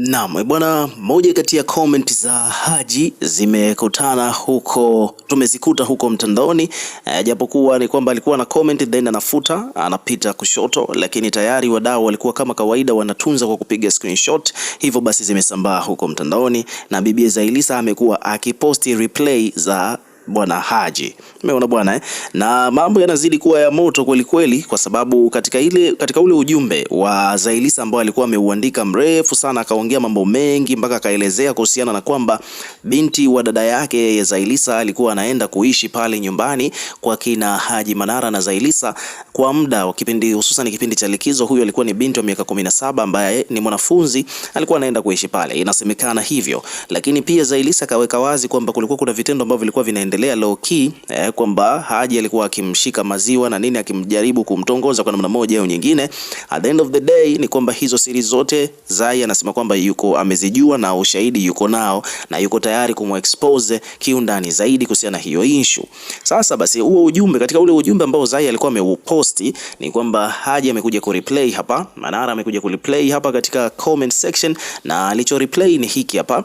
Naam, eh, bwana, moja kati ya comment za Haji zimekutana huko, tumezikuta huko mtandaoni e, japokuwa ni kwamba alikuwa na comment then anafuta anapita kushoto, lakini tayari wadau walikuwa kama kawaida wanatunza kwa kupiga screenshot, hivyo basi zimesambaa huko mtandaoni, na Bibi Zailisa amekuwa akiposti replay za bwana Haji. Umeona bwana eh? Na mambo yanazidi kuwa ya moto kweli kweli, kwa sababu katika ile katika ule ujumbe wa Zailisa ambao alikuwa ameuandika mrefu sana, akaongea mambo mengi mpaka akaelezea kuhusiana na kwamba binti wa dada yake Zailisa alikuwa anaenda kuishi pale nyumbani kwa kina Haji Manara na Zailisa kwa muda wa kipindi hususan kipindi cha likizo. Huyu alikuwa ni binti wa miaka 17 ambaye ni mwanafunzi, alikuwa anaenda kuishi pale, inasemekana hivyo. Lakini pia Zailisa kaweka wazi kwamba kulikuwa kuna vitendo ambavyo vilikuwa vinaendelea low key, eh, kwamba Haji alikuwa akimshika maziwa na nini, akimjaribu kumtongoza kwa namna moja au nyingine. At the end of the day ni kwamba hizo siri zote Zai anasema kwamba yuko amezijua na ushahidi yuko nao na yuko tayari kumwexpose kiundani zaidi kuhusiana na hiyo issue. Sasa basi, huo ujumbe katika ule ujumbe ambao Zai alikuwa ameupost kuposti ni kwamba Haji amekuja replay hapa, Manara amekuja replay hapa katika comment section, na replay ni hiki hapa.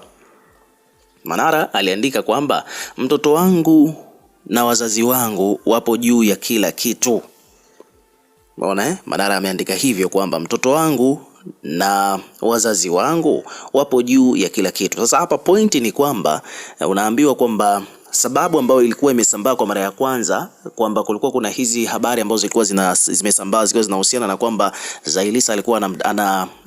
Manara aliandika kwamba mtoto wangu na wazazi wangu wapo juu ya kila kitu. Umeona eh? Manara ameandika hivyo kwamba mtoto wangu na wazazi wangu wapo juu ya kila kitu. Sasa hapa pointi ni kwamba eh, unaambiwa kwamba sababu ambayo ilikuwa imesambaa kwa mara ya kwanza kwamba kulikuwa kuna hizi habari ambazo zilikuwa zina, zimesambaa zikiwa zinahusiana na kwamba Zailisa alikuwa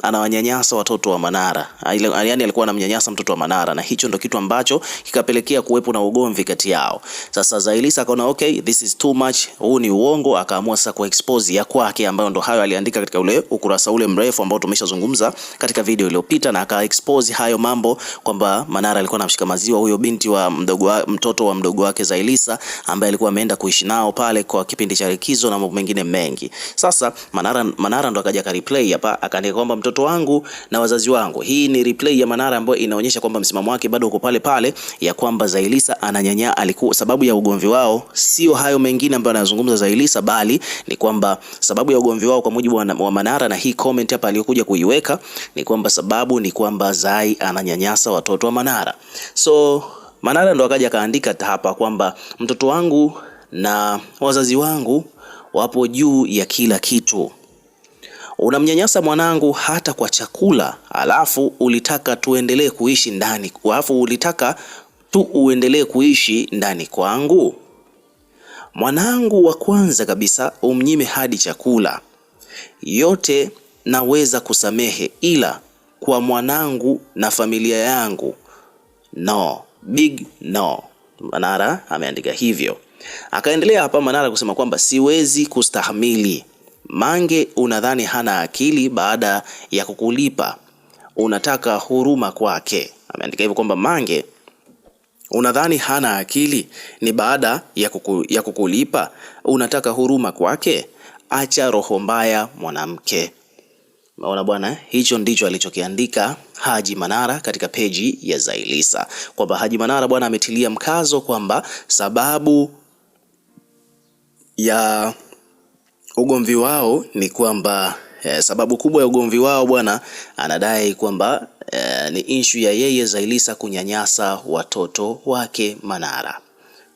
anawanyanyasa ana, ana watoto wa Manara, yaani alikuwa anamnyanyasa mtoto wa Manara, na hicho ndo kitu ambacho kikapelekea kuwepo na ugomvi kati yao. Sasa Zailisa akaona okay, this is too much, huu ni uongo, akaamua sasa kuexpose ya kwake, ambayo ndo hayo aliandika katika ule ukurasa ule mrefu ambao tumeshazungumza katika video iliyopita, na akaexpose hayo mambo kwamba Manara alikuwa anamshika maziwa huyo binti wa mdogo wa mtoto mtoto wa mdogo wake Zailisa ambaye alikuwa ameenda kuishi nao pale kwa kipindi cha likizo na mambo mengine mengi. Sasa Manara, Manara ndo akaja akareplay hapa akaandika kwamba mtoto wangu na wazazi wangu. Hii ni replay ya Manara ambayo inaonyesha kwamba msimamo wake bado uko pale pale ya kwamba Zailisa ananyanya alikuwa sababu ya ugomvi wao, sio hayo mengine ambayo anazungumza Zailisa, bali ni kwamba sababu ya ugomvi wao kwa mujibu wa Manara, na hii comment hapa aliyokuja kuiweka ni kwamba sababu ni kwamba Zai ananyanyasa watoto wa Manara so Manara ndo akaja akaandika hapa kwamba mtoto wangu na wazazi wangu wapo juu ya kila kitu. Unamnyanyasa mwanangu hata kwa chakula, alafu ulitaka tuendelee kuishi ndani, alafu ulitaka tu uendelee kuishi ndani kwangu. Mwanangu wa kwanza kabisa umnyime hadi chakula, yote naweza kusamehe, ila kwa mwanangu na familia yangu no. Big no. Manara ameandika hivyo. Akaendelea hapa Manara kusema kwamba siwezi kustahamili Mange, unadhani hana akili baada ya kukulipa unataka huruma kwake. Ameandika hivyo kwamba Mange, unadhani hana akili ni baada ya, kuku, ya kukulipa unataka huruma kwake? Acha roho mbaya mwanamke. Maona bwana, hicho ndicho alichokiandika Haji Manara katika peji ya Zailisa kwamba Haji Manara bwana ametilia mkazo kwamba sababu ya ugomvi wao ni kwamba eh, sababu kubwa ya ugomvi wao bwana, anadai kwamba eh, ni issue ya yeye Zailisa kunyanyasa watoto wake Manara.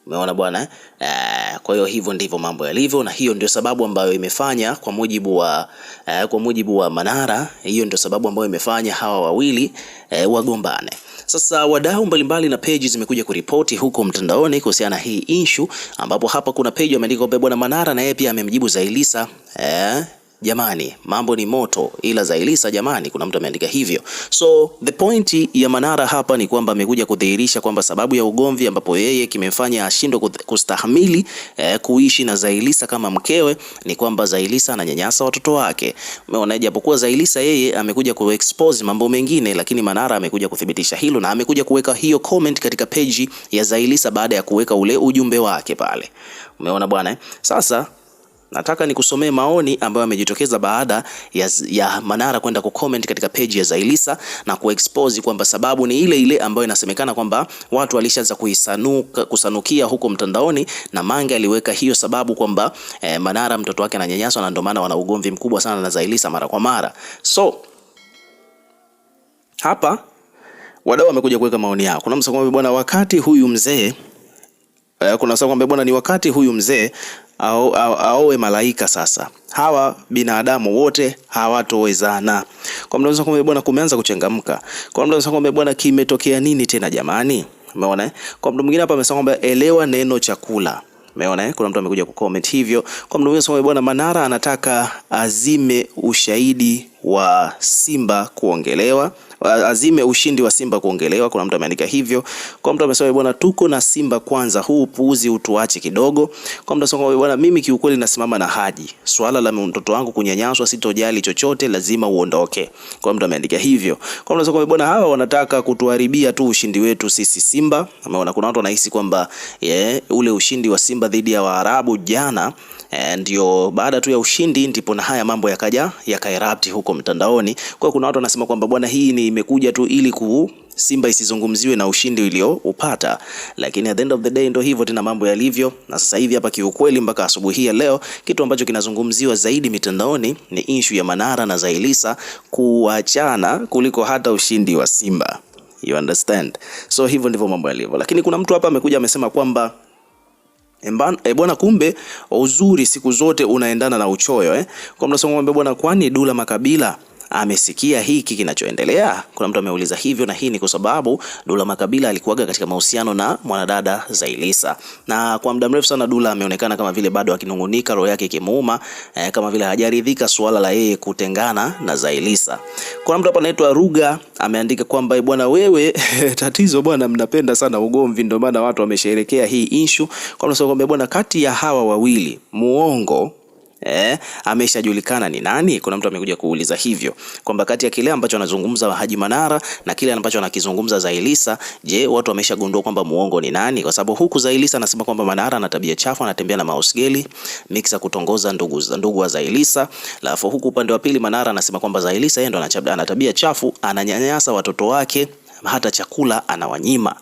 Umeona bwana eh? Kwa hiyo hivyo ndivyo mambo yalivyo, na hiyo ndio sababu ambayo imefanya kwa mujibu wa eh, kwa mujibu wa Manara, hiyo ndio sababu ambayo imefanya hawa wawili eh, wagombane. Sasa wadau mbalimbali na peji zimekuja kuripoti huko mtandaoni kuhusiana hii issue, ambapo hapa kuna peji ameandika kwamba bwana Manara na yeye pia amemjibu Zailisa eh, jamani, mambo ni moto, ila Zailisa jamani, kuna mtu ameandika hivyo. So the point ya Manara hapa ni kwamba amekuja kudhihirisha kwamba sababu ya ugomvi ambapo yeye kimemfanya ashindwe kustahimili eh, kuishi na Zailisa kama mkewe ni kwamba Zailisa ananyanyasa watoto wake. Umeona, japokuwa Zailisa yeye amekuja ku expose mambo mengine, lakini Manara amekuja kuthibitisha hilo na amekuja kuweka hiyo comment katika page ya Zailisa baada ya kuweka ule ujumbe wake pale. Umeona bwana, eh? sasa nataka nikusomee maoni ambayo yamejitokeza baada ya, ya Manara kwenda kucomment katika page ya Zailisa na kuexpose kwamba sababu ni ile ile ambayo inasemekana kwamba watu walishaanza kuisanuka kusanukia huko mtandaoni, na Mange aliweka hiyo sababu kwamba eh, Manara mtoto wake ananyanyaswa na ndio maana wana ugomvi mkubwa sana na Zailisa mara kwa mara. So hapa wadau wamekuja kuweka maoni yao. Kuna msemo bwana, wakati huyu mzee Eh, kuna sababu kwamba bwana, ni wakati huyu mzee aowe malaika sasa. Hawa binadamu wote hawatowezana. Kwa bwana, kumeanza kuchangamka. Kwa bwana, kimetokea nini tena jamani? Umeona eh? Kwa mtu mwingine hapa amesema kwamba elewa neno chakula. Umeona eh? Kuna mtu amekuja kucomment hivyo. Kwa mtu mwingine anasema bwana, Manara anataka azime ushahidi wa Simba kuongelewa, azime ushindi wa Simba kuongelewa. Kuna mtu ameandika hivyo, kwa mtu amesema bwana, tuko na Simba kwanza, huu puuzi utuache kidogo. Kwa mtu amesema bwana, mimi kiukweli nasimama na Haji, swala la mtoto wangu kunyanyaswa sitojali chochote, lazima uondoke. Kwa mtu ameandika hivyo, kwa mtu amesema bwana, hawa wanataka kutuharibia tu ushindi wetu sisi Simba. Ameona kuna watu wanahisi kwamba yeah, ule ushindi wa Simba dhidi ya Waarabu jana Eh, ndio baada tu ya ushindi ndipo na haya mambo yakaja yakaerupt huko mtandaoni. Kwa kuna watu wanasema kwamba bwana, hii ni imekuja tu ili ku Simba isizungumziwe na ushindi ulioupata, lakini at the end of the day ndo hivyo tena mambo yalivyo. Na sasa hivi hapa kiukweli, mpaka asubuhi ya leo, kitu ambacho kinazungumziwa zaidi mitandaoni ni issue ya Manara na Zailisa kuachana kuliko hata ushindi wa Simba. You understand? So hivyo ndivyo mambo yalivyo, lakini kuna mtu hapa amekuja amesema kwamba E bwana, kumbe uzuri siku zote unaendana na uchoyo eh? Kwa mnasema bwana, kwani Dula Makabila amesikia hiki kinachoendelea? Kuna mtu ameuliza hivyo, na hii ni kwa sababu Dula Makabila alikuwaga katika mahusiano na mwanadada Zailisa, na kwa muda mrefu sana Dula ameonekana kama vile bado akinungunika, roho yake ikimuuma, eh, kama vile hajaridhika suala la yeye kutengana na Zailisa. Kuna mtu hapa anaitwa Ruga ameandika kwamba eh, bwana wewe, tatizo bwana, mnapenda sana ugomvi, ndio maana watu wamesherekea hii issue. Kwa sababu kwamba eh, bwana, kati ya hawa wawili muongo eh, ameshajulikana ni nani? Kuna mtu amekuja kuuliza hivyo kwamba kati ya kile ambacho anazungumza Haji Manara na kile ambacho anakizungumza Zailisa, je, watu wameshagundua kwamba muongo ni nani? Kwa sababu huku Zailisa anasema kwamba Manara ana tabia chafu, anatembea na mausgeli mixa kutongoza ndugu, ndugu wa Zailisa, alafu huku upande wa pili Manara anasema kwamba Zailisa yeye ndo ana tabia chafu, ananyanyasa watoto wake, hata chakula anawanyima.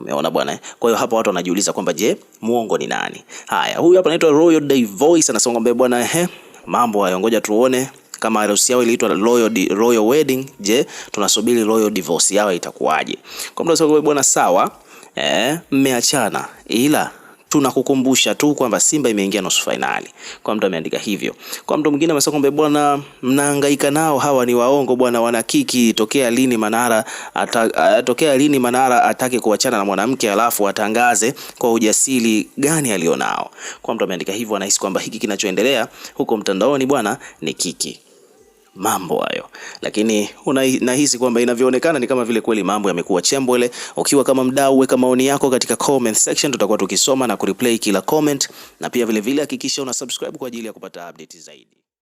Umeona bwana eh? Kwa hiyo hapa watu wanajiuliza kwamba je, muongo ni nani? Haya, huyu hapa anaitwa Royal Voice anasonga mbele bwana ehe, mambo hayo, ngoja tuone kama harusi yao iliitwa royal, royal wedding. Je, tunasubiri royal divorce yao itakuwaje? Kwa mtu bwana, sawa eh, mmeachana ila tunakukumbusha tu kwamba Simba imeingia nusu fainali. Kwa mtu ameandika hivyo. Kwa mtu mwingine amesema kwamba bwana, mnahangaika nao hawa ni waongo bwana, wana kiki tokea lini Manara ata, tokea lini Manara atake kuachana na mwanamke alafu atangaze kwa ujasiri gani alionao. Kwa mtu ameandika hivyo, anahisi kwamba hiki kinachoendelea huko mtandaoni bwana ni kiki mambo hayo, lakini unahisi kwamba inavyoonekana ni kama vile kweli mambo yamekuwa chembwele. Ukiwa kama mdau, weka maoni yako katika comment section, tutakuwa tukisoma na kureplay kila comment, na pia vilevile hakikisha una subscribe kwa ajili ya kupata update zaidi.